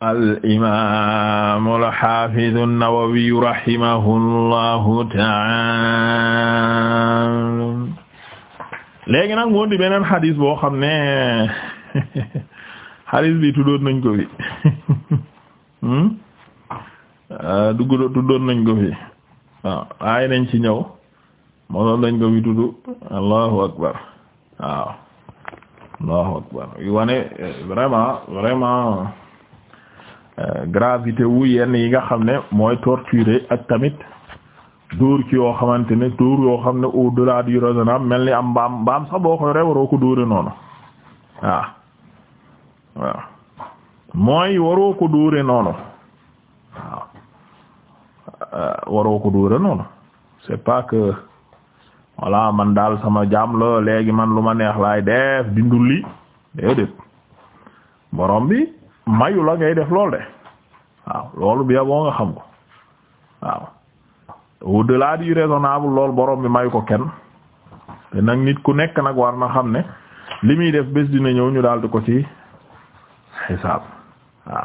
al imaam al xaafiz an-Nawawi rahimahullahu ta'aala léegi nag moo di beneen xadis boo xam ne xadis bi tuddoon nañ ko fi hmm? ah, dugg tuddoon nañ ko fi waaw ah, ay nañ ci ñëw moo doon nañ ko fi tuddu allahu akbar waaw allahu akbar yu wane eh, vraiment vraiment Euh, gravité wu yenn yi nga xam ne mooy torturer ak tamit dóor ci yoo xamante ne dóor yoo xam ne au delà du raisonnable mel ni am mbaam mbaam sax boo koy rewaroo ko dóore noonu waaw mooy waroo ko dóore noonu euh, waroo ko dóore noonu c'est pas que voilà man daal sama jaam la léegi man lu ma neex laay def di ndulli déedéet borom bi mayu la ngay def lool de waaw loolu bi boo nga xam ko waaw au-delà du raisonnable loolu borom bi may ko kenn te nag nit ku nekk nag war na xam ne li muy def bés dina ñëw ñu daal di ko ci xisaab waaw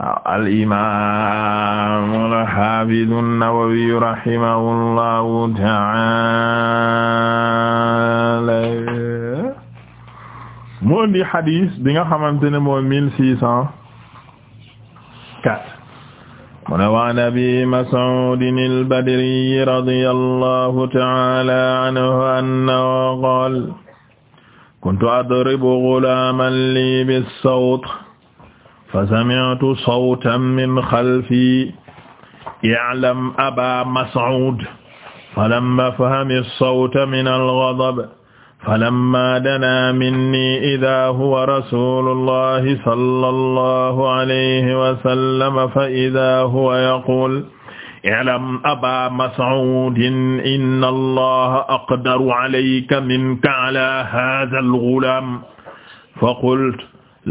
waaw al imam al hafiz an-Nawawi rahimahullahu ta'ala mu indi bi nga xamante ne mooy 4 mu ne waan abi mas'uudin al-Badri radiyallahu ta'ala anhu annahu qaala kuntu adribu ghulaaman lii bis-sawt fasami'tu sawtan min khalfii i'lam abaa mas'uud falammaa fahima as-sawta mina al-ghadab falamma danaa minni idaa huwa rasuulullahi sallallahu alayhi wa sallam fa idaa huwa yaquul i'lam abaa mas'uudin inna allaha aqdaru alayka minka alaa haazal ghulaam faqultu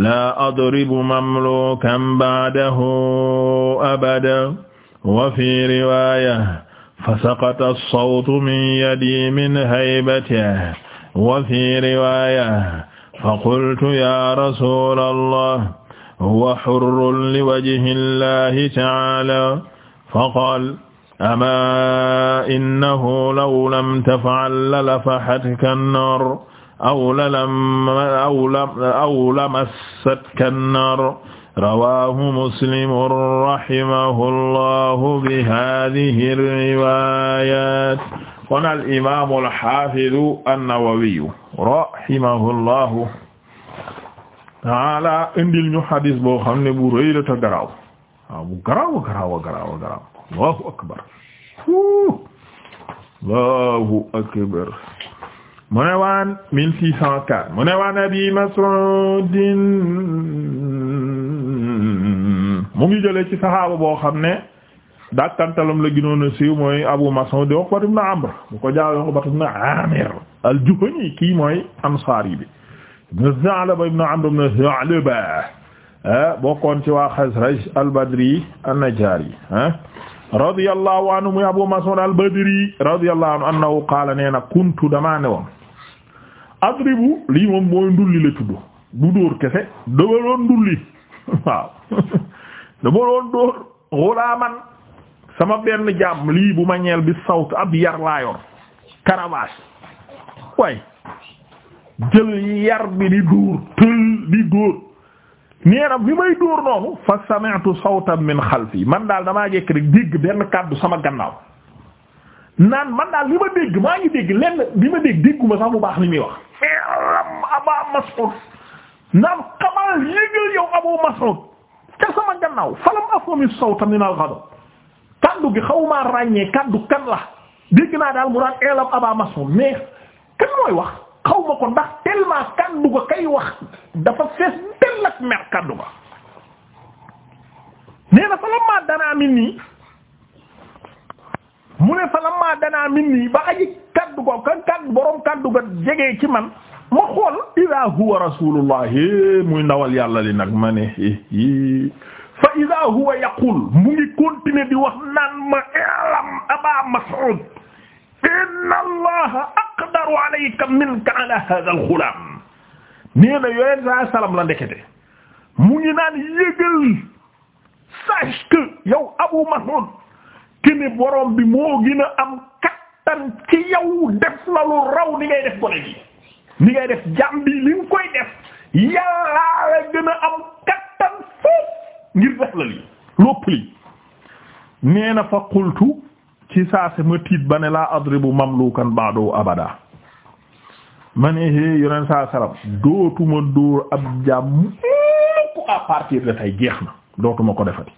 laa adribu mamluukan ba'dahu abadan wa fii riwaaya fasaqata as-sawtu min yadii min haybatihi wa fi riwaya fa qultu ya rasul allah huwa hurrun liwajhi llahi taala fa qaal ama innahu law lam taf'al lafahatka an-nar aw lamassatka an-nar rawahu muslimun rahimahu llahu bihadihi riwayat kon al imaam al haafidu an-Nawawiyu rahimahullahu taala indil ñu hadis xam ne bu rëy la te mu ne waan Abi Mas'ud mu ngi jëlee ci saxaaba boo xam ne dakkantalam la gënoon a siiw mooy Abu Mas'ud Uqbatu ibn Amr bu ko jaawe Uqbatu ibn Amir al-Juhani kii mooy Ansaari bi ibn Tha'laba ibn Amr ibn Tha'laba bokkoon ci waa Khazraj al-Badri an-Najjari radiyallahu anhu muy Abu Mas'ud al-Badri radiyallahu anhu annahu qaala nee na kuntu damaa ne woon adribu lii moom mooy ndulli la tudd du dóor kese dama doon ndulli waaw dama doon dóor xulaaman sama benn jaam lii bu ma ñeel bi sawt ab yar laa yor karabaas way jël yar bi di dóor tël di dóor nee bi may dóor noonu fa sami'tu sawtan xalfi man daal damaa jekk rek dégg benn kàddu sama gannaaw naan man daal li ma dégg maa ngi dégg lenn li ma dégg dégguma sax bu baax li muy wax mais Aba Mas'ud naan xamal yégal yow Abu Mas'ud ca sama gannaaw falam afhami sawta min al-ghadab kaddu gi xawmaa ràññee kaddu kan la dégg naa daal mu daan elam aba mas'ud mais kan mooy wax xaw ma ko ndax tellement kaddu ga kay wax dafa fees dell ak mer kaddu ga nee na falamma danaa min nii mu ne falamma danaa min nii ba aji kaddu ga kan kaddu borom kaddu ga jege ci man ma xool ila huwa rasulullah muy ndawal yàlla li nag ma ne eh, eh. fa ida huwa yaqul mu ngi continuer di wax naan ma i'lam aba mas'ud inna allaha aqdaru alayka minka ala hadha al ghulam nee na yoneen saa salam la ndekete mu ngi naan yëgal sache que yow abu mas'ud kene borom bi moo gën a am kattan ci yow def la lu raw ni ngay def gone ni ngay def jàmbi li def yàllaa la gën am kattan foofu ngir def la lii lopp lii nee na fa qultu ci saase ma tiit ba ne laa adribu mamlukan ba'du abada ma ne hé yoneen saa salam dootuma dóor ab jaam mukk à partir de tey jeex na dootuma ko defati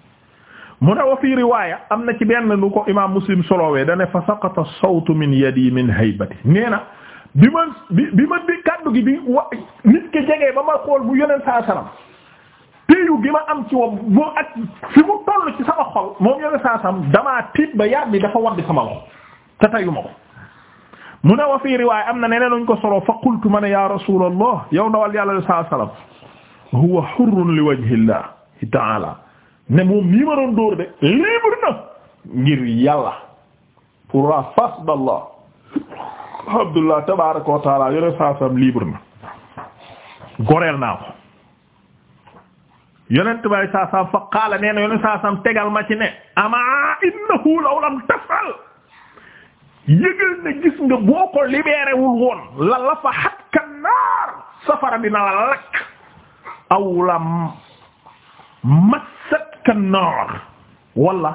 mu ne wa riwaaya am na ci benn lu ko imaam muslim solowee dane fa saqata sawtu min yadi min haybati nee bi ma bi ma di gi bi wa nit ki jegee ba ma xool bu yoneen saa salam bi ma am ci wam moom ak fi mu toll ci sama xol moom yone saasam damaa tiit ba yaab mi dafa waddi sama loxo te tayu ma ko mu ne wa fii riwaaya am na neneen nuñ ko solo fa qultu ma ne ya rasulallah yow ndawal yàlla la saa salaam huwa hurrun li wajhillah ta'ala ne moom nii ma doon dóor de libre na ngir yàlla pour la face d'Allah alhamdulillah tabaaraka wa ta'ala yone saasam libre na goreel naa ko yonent bay saasam fa qaala nee na yonent saasam tegal ma ci ne ama innahu law lam tafal yëgal ne gis nga boo ko libéré woon la la fa xat naar safara dina la aw la massat ka naar wala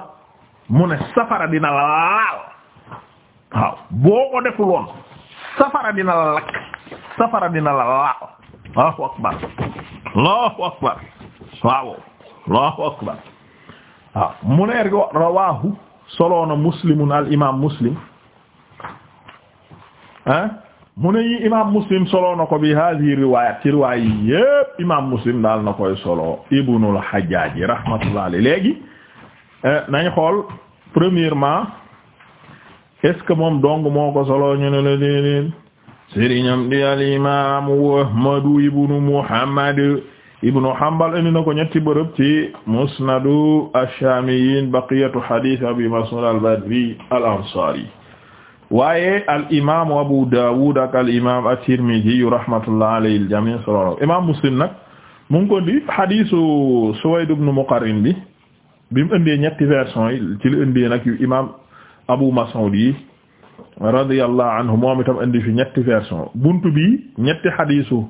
mu ne safara dina la laal waaw deful woon safara dina la allahu akbar allahu akbar waaw Allahu akbar waaw ah, mu ne rawaahu soloona muslimun al imaam muslim ah mu ne yi imaam muslim soloona ko bi hadihi riwayat ci riwaay yépp imaam muslim daal na koy solo ibnul hajjaaj rahmatullah alayhi léegi eh, nañ xool premièrement est-ce que moom dong moo ko solo ñu ne la déedéet sëriñam di al imaam ahmadu ibnu muhammad ibnu Hanbal indi na ko ñetti bërëb ci musnadu ash-Shaamiyyiin baqiyatu hadiis Abi Mas'uud al-Badri al-Ansaari waaye al imaamu Abu Daawuud ak al imaam at-Tirmidhi rahmatullahi alayhi al-jamii' solo Muslim nag mu ko di hadiisu Suwayd ibn Muqarrin bi bi mu indee ñetti version yi ci li indee Abu Mas'uud yi anhu moom itam indi fi ñetti version buntu bi ñetti hadiisu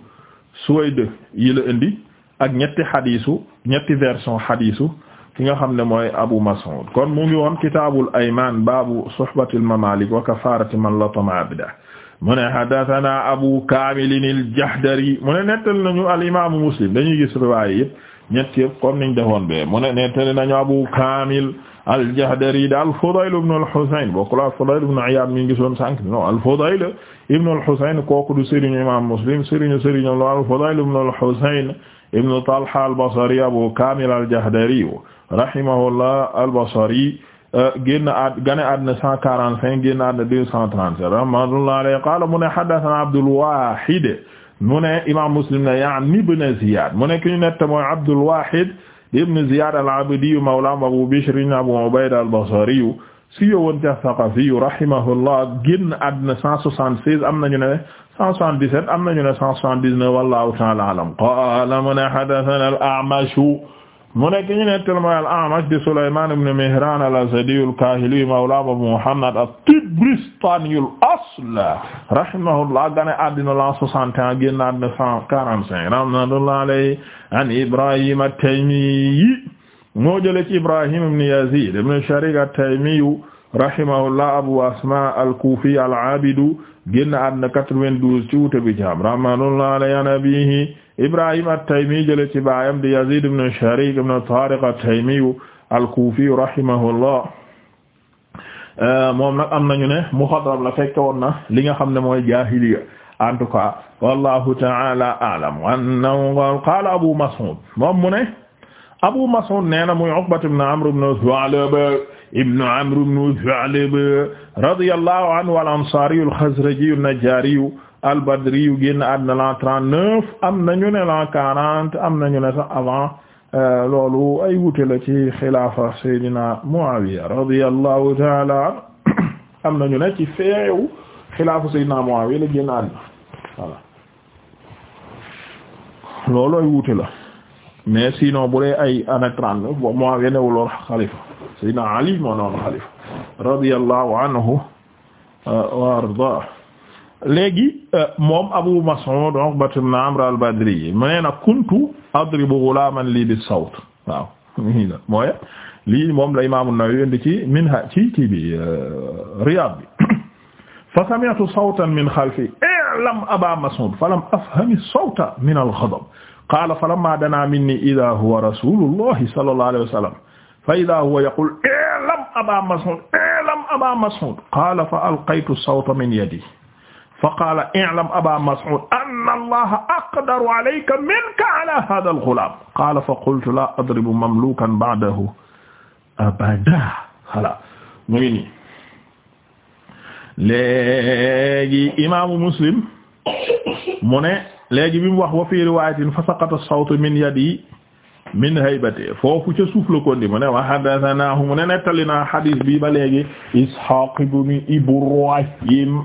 Suwayd yi la indi. ak ñetti xadiisu ñetti version xadiisu ki nga xam ne mooy Abu Mas'ud kon mu ngi woon kitaabul aymaan baabu suhbatil mamaalik wa kafaarati man latama abda mu ne haddasanaa Abu Kaamil al-Jahdari mu ne nettali nañu al-imaamu Muslim dañuy gis riwaaya yëpp ñett yëpp comme niñ defoon bee mu ne nettali nañu Abu Kaamil al-Jahdari da al-Fudayl ibn al-Husayn bokkul al-Fudayl ibn Iyaad mi ngi gisoon sànq non al-Fudayl ibn al-Husayn kooku du sëriñu imaam Muslim sëriñu sëriñu al-Fudayl ibn al-Husayn ibnu Talha al-Basri Abu Kamil al-Jahdari rahimahullah al-Basri eh, génn ad gane àddina 145 génn àddina 237 rahmatullahi alayhi qaala mu ne haddathana Abdul Wahid mu ne imaam Muslim ne ya'ni ibn Ziyad mu ne ki ñu nett mooy Abdul Wahid ibn Ziyad al-Abdi mawla Abu Bishr ibn Abu Ubayd al-Basri si yowoon ca Saqafi rahimahullah génn àddina cent soixante-seize am nañu ne cent soixante-dix-sept am nañu ne cent soixante-dix-neuf wallahu ta'ala a'lam qaala mu ne haddathana al-A'mash mu nekk ñu ne telmoy al-A'mash di Sulaymaan ibn Mihraan al-Asadi al-Kaahili mawla Abu Muhammad at-Tabaristani al-asl rahimahullah gane àddina la soixante et un génn àddina cent quarante-cinq rahmatullahi alayhi an Ibrahim at-Taymi moo jële ci Ibrahim ibn Yazid ibn Sharik at-Taymiyu rahimahullah Abu Asma al-Kufi al-Abidu génn àdduna 92 ci wuute bi jaam rahmatullah alayhi an abihi Ibrahim at-Taymi jële ci baayam di Yazid ibn Sharik ibn Tariq at-Taymiyu al-Kufi rahimahullah moom nag am nañu ne muxadram la fekk woon na li nga xam ne mooy jaahiliya en tout cas wallahu ta'ala a'lam wa annahu qala Abu Mas'ud moom mu ne Abu Mas'ud nee na muy Uqbat ibn Amr ibn Tha'laba ibn Amr ibn Tha'laba radiyallahu anhu al-Ansari al-Khazraji an-Najjari al-Badri yu génn àddina la 39 am nañu ne la 40 am nañu ne sax avant euh, loolu ay wute la ci xilaafa Seydina Muawiya radiyallahu ta'ala anhu am nañu ne ci feewu xilaafa Seydina Muawiya la génn àddina voilà loolu ay wute la. mais sinon bu dee ay année trente bo moo wenewul woon xalifa sayyidina Ali moo noon xalifa radiyallahu anhu euh, wa arda léegi euh, moom Abu Mas'ud Uqbat ibn Amr al-Badri mu nee na kuntu adribu ghulaman lii bi sawt waaw mooy lii moom la Imam An-Nawawi indi ci minha ci kii bi euh, Riyad bi fa sami'tu sawtan min khalfi i'lam Aba Mas'ud falam afhami sawta min al-ghadab qaala falamma danaa minni idaa huwa rasuulullahi sallallahu alayhi wa sallam fa idaa huwa yaqul i'lam abaa mas'uud i'lam abaa mas'uud qaala fa alqaytu sawta min yadi fa qaala i'lam abaa mas'uud anna allaha aqdaru alayka minka ala haadha al-ghulaam qaala fa qultu laa adribu mamluukan ba'dahu abadan voilà mu ngi nii léegi imaamu muslim mu ne léegi bi mu wax wa fi riwaayatin fa saqata as-sawtu min yadi min haybati foofu ca suuf kondi mu ne wa haddathanaahu mu ne nettali naa hadis bi ba léegi Ishaaq ibn Ibrahim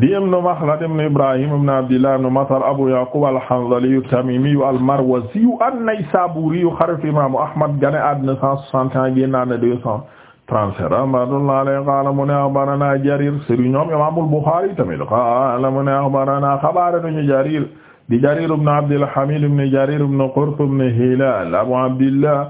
di ibn Makhlad ibn Ibrahim ibn Abdillah ibn Matar Abu Yaqub al-Hanzali at-Tamimi al-Marwazi an-Naysaburi xarit imaamu Ahmad gane àddina cent soixante ans génn 37 rahmatullah alayhi qaala mu ne axbarana jarir sëriñ ñoom imaamul Buxaari tamit qaala mu ne axbarana xabaare nañu jarir di jarir ibn Abdil Hamiid ibn jarir ibn Qurt ibn Hilaal Abu Abdillah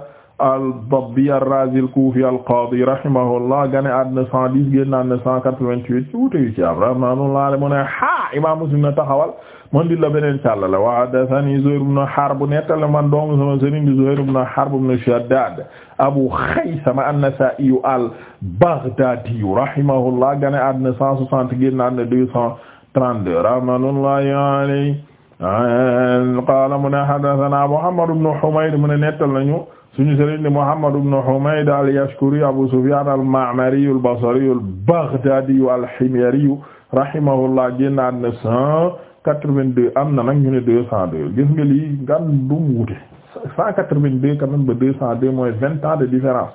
al-Dabbi ar-Razi al-Kufi al-Qadi rahimahullah gane àddina 110 génn àddina 188 ci wuute yu ci am rahimahullah ale mu ne ha Imam Muslim na taxawal man di la beneen càllale wa haddathani Zuhayr ibn Harb nettale man dong sama sëriñ di Zuhayr ibn Harb ibn Shaddad Abu Khaythama an-Nasa'i al-Baghdadi rahimahullah gane àddina 160 génn àddina 232 rahimahullah alayhi qala mu ne haddathana Muhammad ibn Humayd mu ne nettal nañu suñu sëriñ di Muhammad ibn Humayd al-Yashkuri Abu Sufyan al-Ma'mari al-Basri al-Baghdadi al-Himyari rahimahullah cent quatre-vingt-deux am na nag ñu ne deux cent deux gis cent quatre-vingt-deux quand ba deux cent deux mooy vingt ans de différence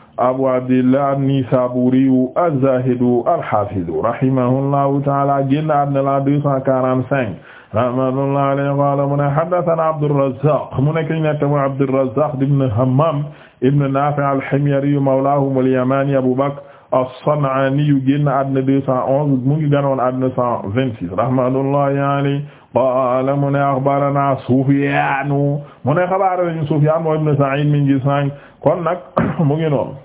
abu abdillah an-Nisaburiyu az-Zahidu al-Hafidu rahimahullahu ta'ala génn àddina la 245 rahmatullahi alayhi qala mu ne haddathana Abdurrazzaq mu nekk ñu nekk mu Abdurrazzaq ibn Hammam ibn Nafi' al-Himyariyu mawlahum al-Yamani Abu Bakr as-San'aniyu génn àddina 211 mu ngi ganoon àddina 126 rahmatullahi alayhi qaala mu ne axbarana Sufyaanu mu ne xabaar nañu Sufyaan moo ibn Sa'iid min gis nang kon nag mu ngi noonu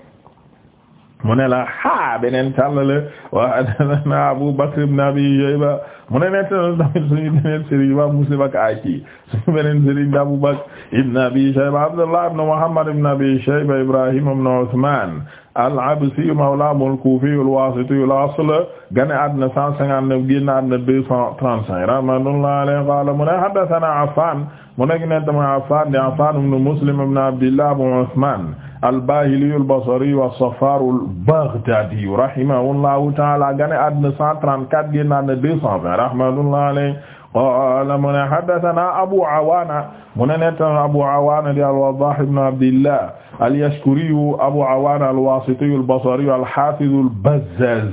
mu ne la ha beneen tallale wa haddathana Abu Bakr ibn Abi Shayba mu ne nettana tamit suñu beneen sëriñ ba Muslim ak Aysi suñu beneen sëriñ da Abu Bakr ibn Abi Shayba Abdullah ibn Muhammad ibn Abi Shayba Ibrahim ibn Usmaan al-Absi mawla al-Kufi al-Wasiti al-asl gane àddina 159 génn àddina 235 rahmatullahi alayhi qala mu ne haddathana Affan mu nekk ne tamit Affan di Affan ibn Muslim ibn Abdillah ibn Uthman al-Bahili al-Basri was-Saffar al-Baghdadi rahimahullahu ta'ala gane àddina 134 génn àddina 220 rahmatullahi alayhi qaala mu ne haddathana abu awaana mu ne nettana abu awaana di al-waddaah ibn abdillah al-yashkuri abu awaana al-waasiti al-basri al-haafiz al-bazzaaz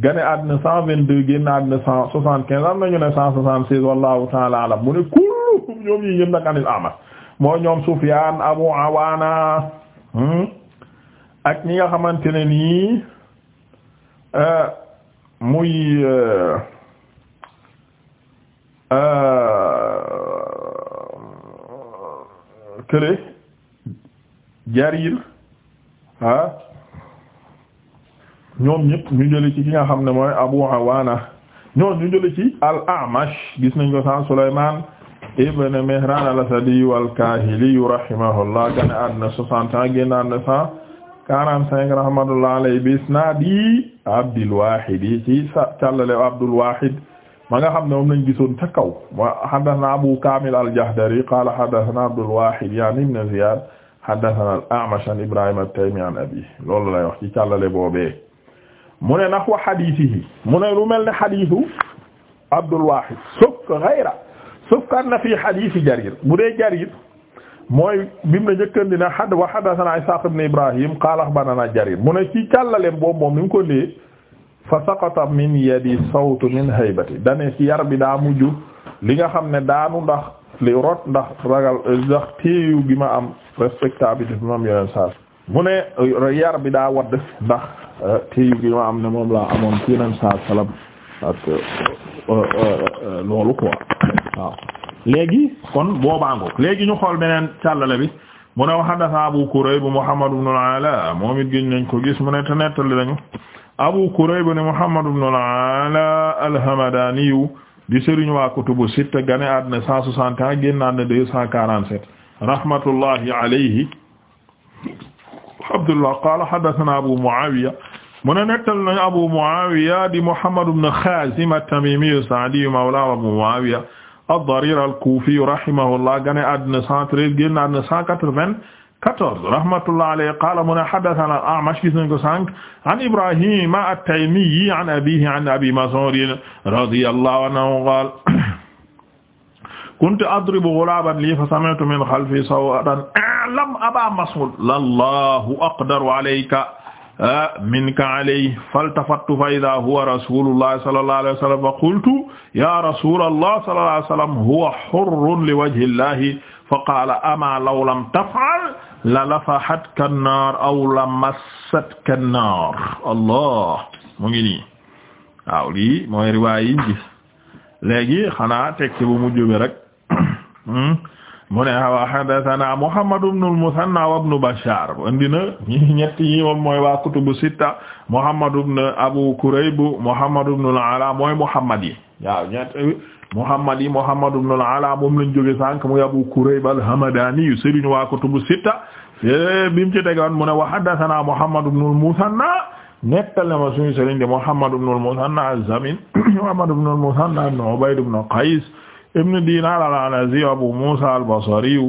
gane àddina 122 génn àddina 175 am nañu ne 176 wallaahu ta'aala a'lam mu ne kulluhum ñoom ñi ñëpp nag anil A'mash moo ñoom Sufyaan abu awaana hmm? ak ñi nga xamante ne nii eh, muy eh, Euh, kële jarir ah ñoom ñëpp ñu jële ci ki nga xam ne mooy abu awaana ñoom ñu jële ci al amash gis nañ ko san sulayman ibn mihran al asadi wal kahili rahimahullah gane àddina soixante ans génn àddina cent quarante cinq rahmatullah alayhi bi yi ci sa càllale ma nga xam ne moom lañ gisoon ca kaw wa haddathana Abu Kamil al-Jahdari qala haddathana Abdul Wahid yani ibn Ziyad haddathana al-A'mash an Ibrahim at-Taymi an abi loolu lay wax ci càllale boobee mu ne nahwa hadithihi mu ne lu mel ne hadithu Abdul Wahid sauf que ghayra sauf que anna fi hadithi Jarir bu dee Jarir mooy bi mu ne njëkkandi na wa haddathana Ishaq ibn Ibrahim qala akhbarana Jarir mu ne ci càllale boobu moom ni mu ko fa saqata min yadi sawtu min haybati dane ci yar bi daa mujj li nga xam ne daanu ndax li rot ndax ragal ndax gi ma am respectabilité bi ma am yeneen saa mu ne euh, yar bi daa wadd ndax euh, téeyu gi ma am ne moom laa amoon ci yeneen saa salam euh, loolu quoi waaw léegi kon boobaangoog léegi ñu xool beneen càllale bi mu ne wa haddatha Abu Kurayb Muhammad ibn al moom it gën nañ ko gis mu ne te nettali lañu Abu Kurayb ne Muhammad ibn al-Ala al-Hamadaniyu di sëriñ waa kutubu sitta gane àddina 161 génn àddina 247 rahmatullahi alayhi Abdullah qala haddathana Abu Muawiya mu ne nettal nañu Abu Muawiya di Muhammad ibn Khazim at-Tamimi as-Sa'di mawla Abu Muawiya ad-Darir al-Kufi rahimahullah gane àddina 113 génn àddina 180 14 rahmatullah alayhi qaala mu ne haddathana al-A'mash gis nañ ko sànq an Ibrahima at-Taymiyyi an abiihi an Abi Mas'ud radiyallahu anhu qaala kuntu adribu ghulaban li fa sami'tu min khalfi sawtan a'lam Aba Mas'ud lallahu aqdaru alayka minka alayhi faltafattu fa idha huwa rasulullah sallallahu alayhi wa sallam fa qultu ya rasulallah sallallahu alayhi wa sallam huwa hurrun li wajhillahi fa qaala ama law lam taf'al la lafahatka an-naar aw lamassatka an-naar allah mu ngi nii waaw lii mooy riwaay yi gis léegi xanaa tekki bu mujj bi rek mu ne wa haddathana Muhammad ibn al-Muthanna wa ibn Bashar andi na ñetti yi moom mooy waa kutubu sitta Muhammad ibn Abu Kurayb Muhammad ibn al-Ala mooy Muhammad yi waaw ñett Muhammad yi Muhammad ibn al-Ala moom lañ jóge sànq muy Abu Kurayb al-Hamadani sëriñ waa kutubu sitta bi mu ci tegoon mu wa haddathana Muhammad ibn al-Muthanna nettali ma suñu sëriñ de Muhammad ibn al-Muthanna az-Zamin Muhammad ibn al-Muthanna ibn Ubayd ibn Qays ibn Dinar al-Anazi Abu Musa al-Basri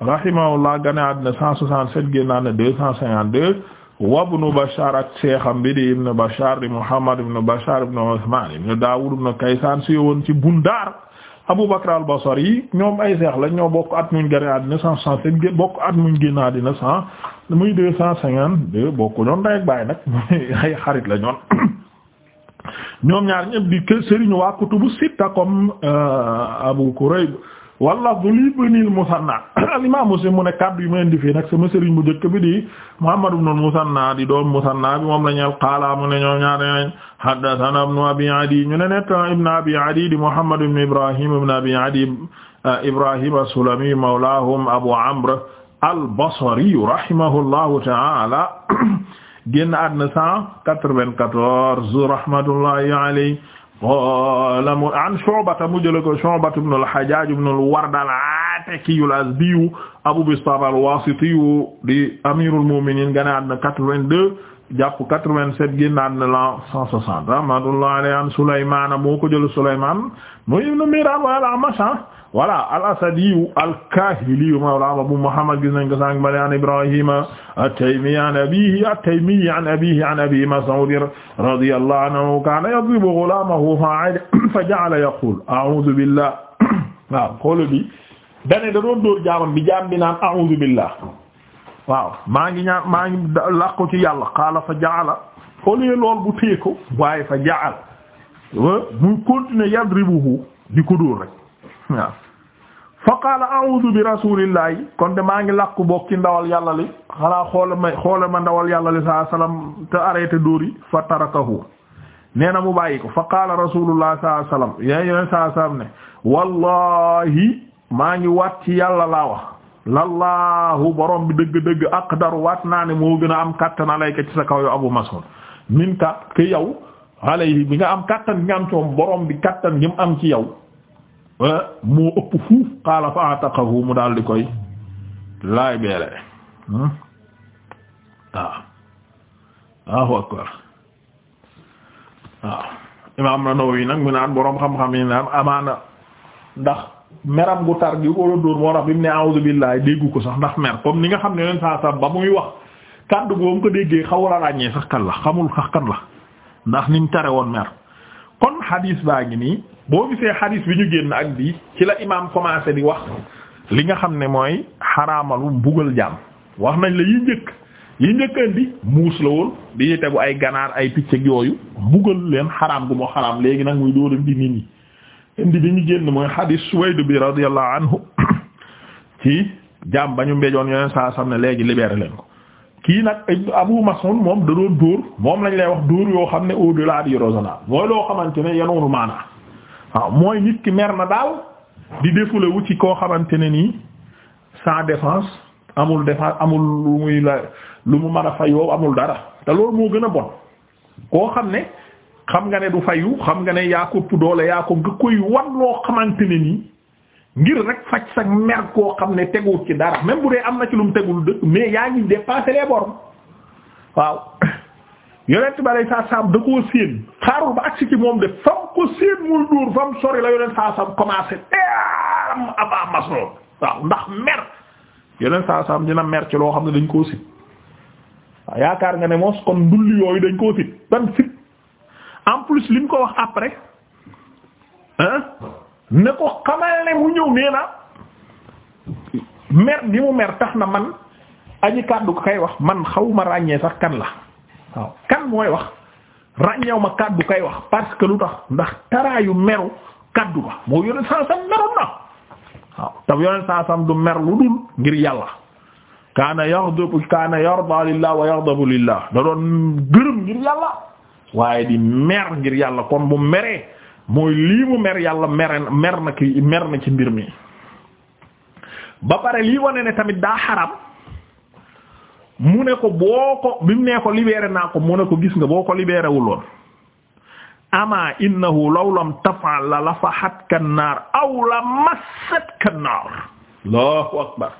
rahimahullah gane àddina 167 génn àddina 252 wabnu Bashar ak seexam bi di ibn Bashar di Muhammad ibn Bashar ibn Usman ibn Dawud ibn Kaysan si woon ci Bundar Abu Bakr al-Basri yi ñoom ay seex la ñoo bokk at muñ gën a àddina cent soixante bokk at muñ génn àddina cent muy deux cent cinquante deux bokk ñoon day bàyyi nag ay xarit la ñoon ñoom ñaar ñëpp di kër sëriñu waa kutubu sitta comme euh, Abu Kurayb walla du lii bënil musanna al imam muslim mu di muhammad ibn musanna di doom musanna bi moom la ñu qaala mu ne ñoom ñaare nañ haddathana ibn abi adi ñu ne abi adi di muhammad ibn ibrahim ibn abi adi uh, ibrahim as-sulami mawlahum abu amr al-basri rahimahullahu ta'ala génn àddina 194 rahmatullahi alayhi lamu an Shu'bata mu jële ko Shu'bata ibn al-Hajjaj ibn al-Ward al-Ataki al-Azdi Abu Bistam al-Wasiti di amirul mu'minin gane àdduna 82 jàpp 87 génnaat na la 160 rahmatullah alayhi an Sulaymaan moo ko jël Sulaymaan mu ibn Mihraan wa al-Amash voilà al-Asadi al-Kaahili mawla Abu Muhammad gis nañ ko sànq ma an Ibraahiima at-Taymi an abiihi at-Taymi an abiihi an Abi Mas'uud radiyallahu anhu kaana yadribu ghulaamahu fa ja'ala yaquulu a'uuzu billah waaw xoolal bi da doon dóor jaamam bi jaam bi naan a'uuzu billah waaw maa ngi ñaan maa ngi làqu ci yàlla xaala fa jaala au lieu lool bu téye waaye fa jaal muy continuer yadribuhu di ko dóor rek waaw fa qaala a'udhu bi rasulillahi kon de maa ngi làqu bokk ci ndawal yàlla li xalaa xoola ma xoola ma ndawal yàlla li saa sallam te arrêté dóor yi fa tarakahu nee na mu bàyyi ko fa qaala rasulullah saa sallam yéen yéen ne wallahi maa ngi waat ci yàlla laa wax lallaahu borom bi dëgg-dëgg aqdaru waat naa ne moo gën a am kattan alayka ci sa kaw yow Abu Mas'ud min ka ke yow alayhi bi nga am kattan bi nga am coom borom bi kattan gi mu am ci yow eh, moo ëpp fuuf qaala fa ataqahu mu daal di koy laay beele waaw hmm? ah. waaw akbar waaw ah. imaam Nawawi nag mu naan borom xam-xam yi naan amaana ndax meram gu tar gi ko doon dóor moo tax bi mu ne a'uuzu déggu ko sax ndax mer comme ni nga xam ne leen saa saa ba muy wax kàddu boobu ko déggee xawul a ràññee sax kan la xamul sax kan la ndax ni mu tare woon mer kon hadis baa ngi nii boo gisee hadis bi ñu génn ak bii ci la imaam commencé di wax li nga xam ne mooy xaraamalu mbugal jàmm wax nañ la yi njëkk yi njëkk indi muus la woon di tegu ay ganaar ay picc ak yooyu mbugal leen xaraam gu moo xaraam léegi nag muy dóor di nit ñi. indi bi ñu génn mooy hadis Suwayd bi radiyallahu anhu ci jaam ba ñu mbejoon yoneen saa sam ne léegi libéré leen ko kii nag Abu Mas'ud moom da doon dóor moom lañ lay wax dóor yoo xam ne au-delà du raisonnable mooy loo xamante ne yenoonu maanaa waaw mooy nit ki mer na daal di défule wu ci koo xamante ne nii sans défense amul défense amul lu muy la lu mu mën a fayoo amul dara te loolu moo gën a bon koo xam ne xam nga ne du fayu xam nga ne yaa ko doole yaa ko nga koy wan loo xamante ne nii ngir rek faj sa mer koo xam ne teguwut ci dara même bu dee am na ci lu mu tegul dëkk mais yaa ngi dépasser les bornes waaw yonent bi alay saa saam da koo séen xaarul ba agsi ci moom de fam ko séen muy dóor fam sori la yonent saa saam commencé teeram avant mas lool waaw ndax mer yonent saa saam dina mer ci loo xam ne dañ koo sit yaakaar nga ne moos kon ndulli dañ koo en plus li mu ko wax après ne ko xamal ne mu ñëw nee na mer bi mu mer tax na man aji kàddu kay wax man xawuma ràññee sax kan la waaw kan mooy wax ràññeew ma kàddu kay wax parce que lu tax ndax taraayu meru kàddu ba moo yoneen saasam meroon na waaw tam yoneen saasam du mer lu dul ngir yàlla kaana yaxdabu kaana yarda lillah wa yaxdabu lillah da doon gërëm ngir yàlla waaye di mer ngir yàlla kon bu meree mooy lii mu mer yàlla mer na ki mer na ci mbir mi ba pare lii wane ne tamit daa xaram mu ne ko boo ko bi nee ko libéré naa ko mu ne ko gis nga boo ko libéré wuloon ama innahu law lam taf'al la lafahatka an-naar aw la massatka an-naar allahu akbar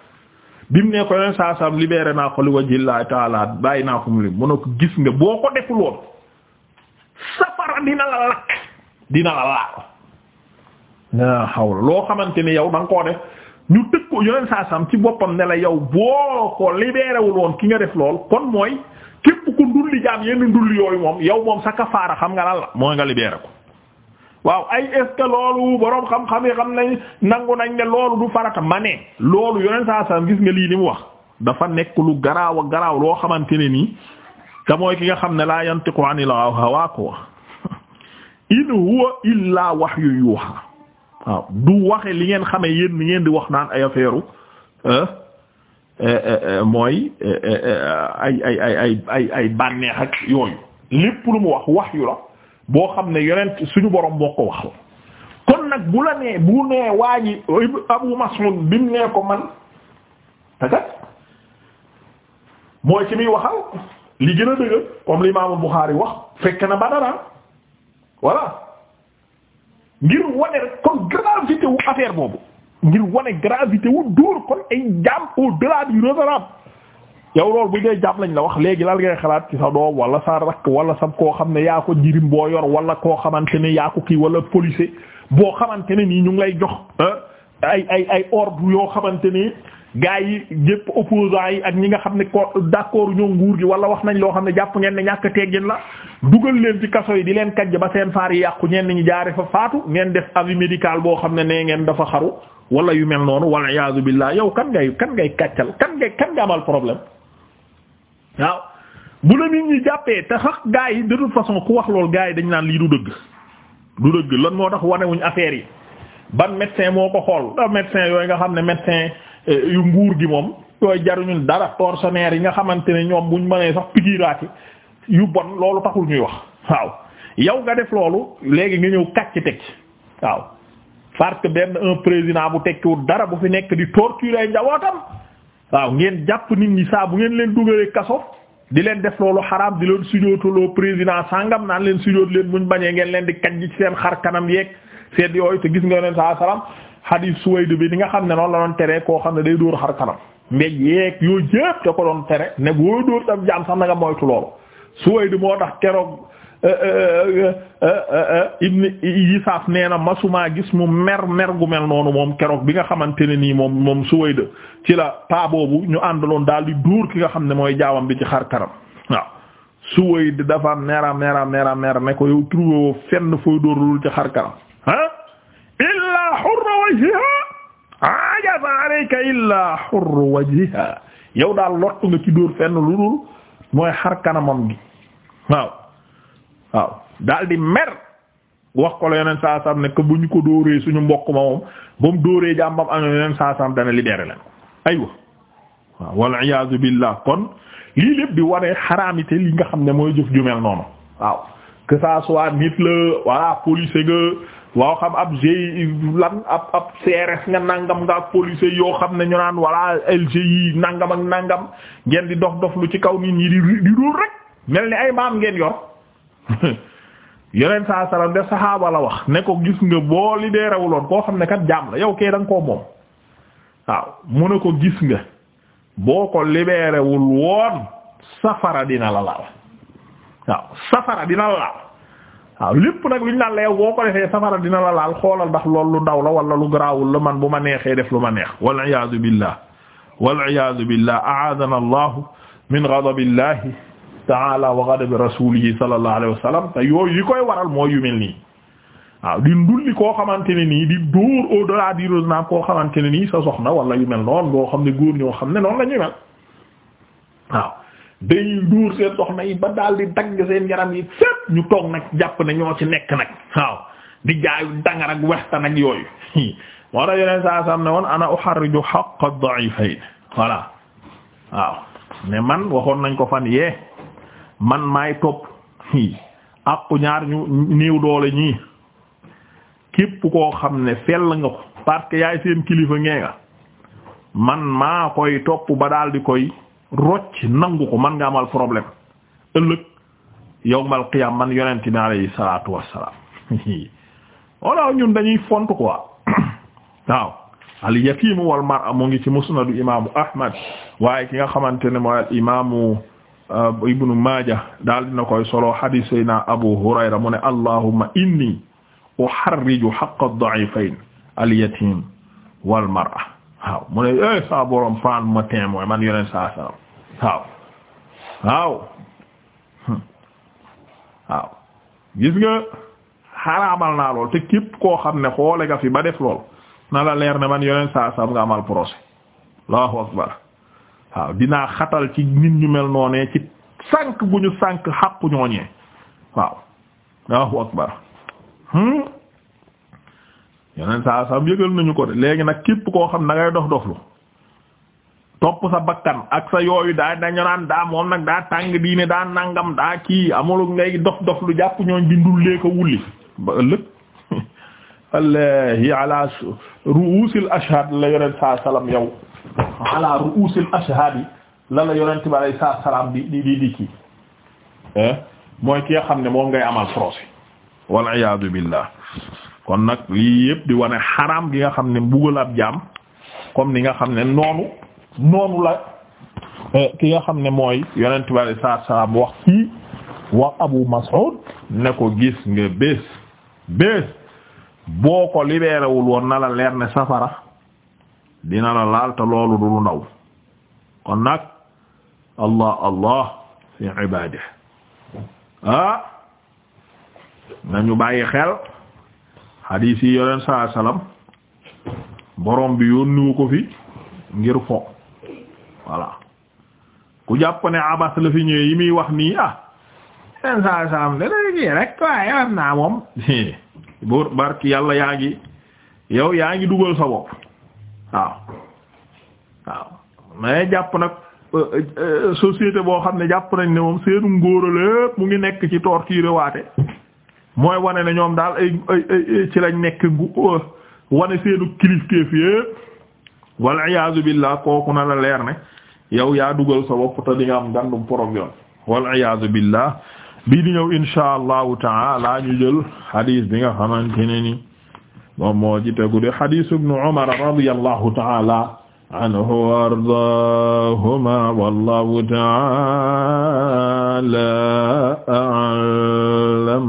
bi nee ko yoneen saa saam naa ko li wajhillahi ta'ala bàyyi naa ko mu li mu ne ko gis nga boo ko defuloon safara dina la lakk dina la laal naa xaw loo xamante ni yow da nga koo def ñu tëg ko yoneen saasam ci boppam ne la yow boo ko libéréwul woon ki nga def lool kon mooy képp ku ndulli jaam yenn ndulli yooyu moom yow moom sa kafaara xam nga lan la mooy nga libéré ko waaw ay est loolu boroom xam-xam yi xam nañ nangu nañ ne loolu du farata ma ne loolu yoneen saasam gis nga lii ni mu wax dafa nekk lu garaaw a garaaw loo xamante ne nii te ki nga xam ne laa yantiqu anil hawa ko in huwa illa wahyu yuha waaw du waxe li ngeen xame yéen ni ngeen di wax naan ay affaire mooy ay ay ay ay bànneex ak yooyu lépp lu mu wax wahyu la boo xam ne yonent suñu borom moo ko wax kon nag bu la nee bu nee waa ji Abu Mas'ud bi mu nee ko man mooy ci muy waxal li gën a dëgg comme l'imaamu Bukhari wax fekk na Badara voilà ngir wane rek kon gravité wu affaire boobu ngir wane gravité wu dóor kon ay jaam au-delà du raisonnable yow loolu bu dee jàpp lañ la wax léegi lan ngay xalaat ci sa doom wala sa rakk wala sa koo xam ne yaa ko jirim boo yor wala koo xamante ne yaa ko kii wala policier boo xamante ne nii ñu ngi lay jox ay ay ay yoo xamante ni gaa yi yépp opposants yi ak ñi nga xam ne ko d'accord ñoo nguur gi wala wax nañ loo xam ne jàpp ngeen ne ñàkk teggin la dugal leen ci kaso yi di leen kajj ba seen faar yi yàqu ñeen ñi jaare fa faatu ngeen def avis médical boo xam ne nee ngeen dafa xaru wala yu mel noonu wala iyaazu billah yow kan ngay kan ngay kàccal kan ngay kan nga amal problème waaw bu la nit ñi jàppee te sax gaa yi de toute façon ku wax lool gaa yi dañ naan lii du dëgg du dëgg lan moo tax wanewuñ affaire yi ban médecin moo ko xool ah yooyu nga xam ne médecin yu nguur gi moom yooyu jaruñu dara tortionnaire yi nga xamante ne ñoom buñ mënee sax pigiraati yu bon loolu taxul ñuy wax waaw yow nga def loolu léegi nga ñëw kàcc teg waaw parce que benn un président bu tekkiwul dara bu fi nekk di torturer njabootam waaw ngeen jàpp nit ñi saa bu ngeen leen dugalee kaso di leen def loolu xaraam di leen sujootaloo président sangam naan leen sujoot leen buñ bañee ngeen leen di kaj ci seen xar kanam yeeg seen yooyu te gis nga leen saa salaam xadiis Suwayd bi ni nga xam ne noonu la doon teree koo xam ne day dóor xar kanam mbéj yeeg yooyu yëpp da ko doon tere ne boo dóor tam jaam sax na nga moytu loolu moo tax keroog euh, euh, euh, ibn Yisaaf nee na masumaa gis mu mer mer gu mel noonu moom keroog bi nga xamante ne nii moom moom Suwayd ci la paa boobu ñu àndaloon daal di dóor ki nga xam ne mooy jaawam bi ci xar kanam waaw Suwayd dafa mera mera mera mera ne ko yow trouvé fenn fooy dóor lu ci xar kanam wajha ajaba alayka illa hurru wajha yow daal lottu nga ci dóor fenn lu dul mooy xar kanamam gi waaw waaw daal di mer wax ko la yeneen saasam ne bu ñu ko dóoree suñu mbokk ma moom ba mu dóoree jàmbam am yeneen saasam dana libéré leen aywa waaw wal iyaazu billah kon lii lépp di waree xaraamite li nga xam ne mooy jëf ju mel noonu waaw que ça soit nit la voilà police ga waaw xam ab GI lan ab ab CRS nga nangam nga ak yoo xam ne ñu naan voilà LGI nangam ak nangam ngeen di dox dox lu ci kaw nit ñi di di ruur rek mel ni ay maam ngeen yor yeneen saa salaam de saxaaba la wax ne ko gis nga boo libéré wuloon koo xam ne kat jaam la yow kay da koo moom waaw mu ne ko gis nga boo ko libéré wul woon safara dina la laal. waaw safara dina la laal lépp nag lu ñu naan boo ko defee safara dina la laal xoolal ndax loolu lu ndaw la wala lu garaawul man bu ma neexee def lu ma neex wal iyaadu billah wal iyaadu billah a'aadana allahu min ghadabillahi ta'ala wa ghadabi rasulihi sallallahu alayhi wa sallam te yooyu yi koy waral mooy yu mel nii waaw di ndulli koo xamante ne nii di dóor au ko du raisonnable ne nii sa soxna wala yu mel noonu boo xam ne góor ñoo xam ne noonu la ñuy mel day duur seen soxna yi ba daal di dagg seen yaram yi fépp ñu toog nag jàpp ne ñoo ci nekk nag waaw di jaayu dangar ak wexta nag yooyu moo tax yeneen voilà waaw ne man waxoon nañ ko fan yee man maay topp àqu ñaar ñu néew doole ñii képp koo xam ne fel nga ko parce que yaay seen kilifa ngee nga man maa koy topp ba daal di koy rocc nangu ko man nga amal problème ëllëg yawmal qiyam man yonent bi alayhi salaatu wassalaam walla ñun dañuy font quoi waaw al yatimu wal mar'a mu ngi ci musnadu imaamu ahmad waaye ki nga xamante ne mooy al imaamu uh, ibnu maaja daal dina koy solo hadith sayna abu hurayra mu ne allahumma inni uharriju haqqa ad-da'ifayn al yatim wal mar'a waaw mu ne eh saa borom prendre ma témoin man yonent saa salaam waaw waaw waaw gis nga xaraamal naa lool te képp koo xam ne xoole nga fi ba def lool na la leer ne man yoneen saa sam nga amal procès allahu akbar waaw dinaa xatal ci nit ñu mel noonee ci sànq bu ñu sànq xàqu ñooñee waaw allahu akbar hmm? yoneen saa sam yëgal nañu ko de léegi nag képp koo xam na ngay dox doxlu topp sa bakkan ak sa yooyu daa dañu naan daa moom nag daa tàng diine daa nangam daa kii amul ngay dof dof lu jàpp ñooñ di ndullee wulli ba ëllëg allahi ala ru'usil ashhad la yonent saa salaam yow ala ru'usil ashhad la la yonent bi alay saa salaam di di di kii eh? mooy ki nga xam ne moom ngay amal procès wala iyaadu billah kon nag lii yëpp di wane xaraam gi nga xam ne mbugal ab jaam comme ni nga xam ne noonu noonu la eh, ki nga xam ne mooy yonent bi alayhi salaatu salaam wax kii wax Abu Mas'ud ne ko gis nga bés bés boo ko libéré wul woon na leer ne safara dina la laal te loolu du lu ndaw kon nag allah allah fi ibaade ah nañu bàyyi xel xadiis yi yonent salaam borom bi yónniwu ko fi ngir fo voilà ku jàpp ne abas la fi ñëwee yi muy wax nii ah seen saa saam de léegi rek waaye am naa moom buur barki yàlla yaa ngi yow yaa ngi dugal sa bopp waaw waaw mais jàpp nag euh, euh, euh, société boo xam ne jàpp nañ ne moom seenu ngóor lépp mu ngi nekk ci torture waate mooy wane ne ñoom daal ay ay ci lañ nekk ngu wane seenu kilifteef yépp wal iyaazu billah kooku na la leer ne yow yaa dugal sa bopp te di nga am gàndum problème wal iyaazu billah bii di ñëw insha allahu taala ñu jël hadith bi nga xamante ne ni moom moo ci tegu de hadith ibnu umar radiyallahu taala anhu wa ardaahuma wallahu taala a'lam